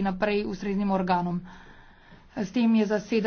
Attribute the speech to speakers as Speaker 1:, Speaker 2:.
Speaker 1: naprej ustreznim organom. S tem je zaseden.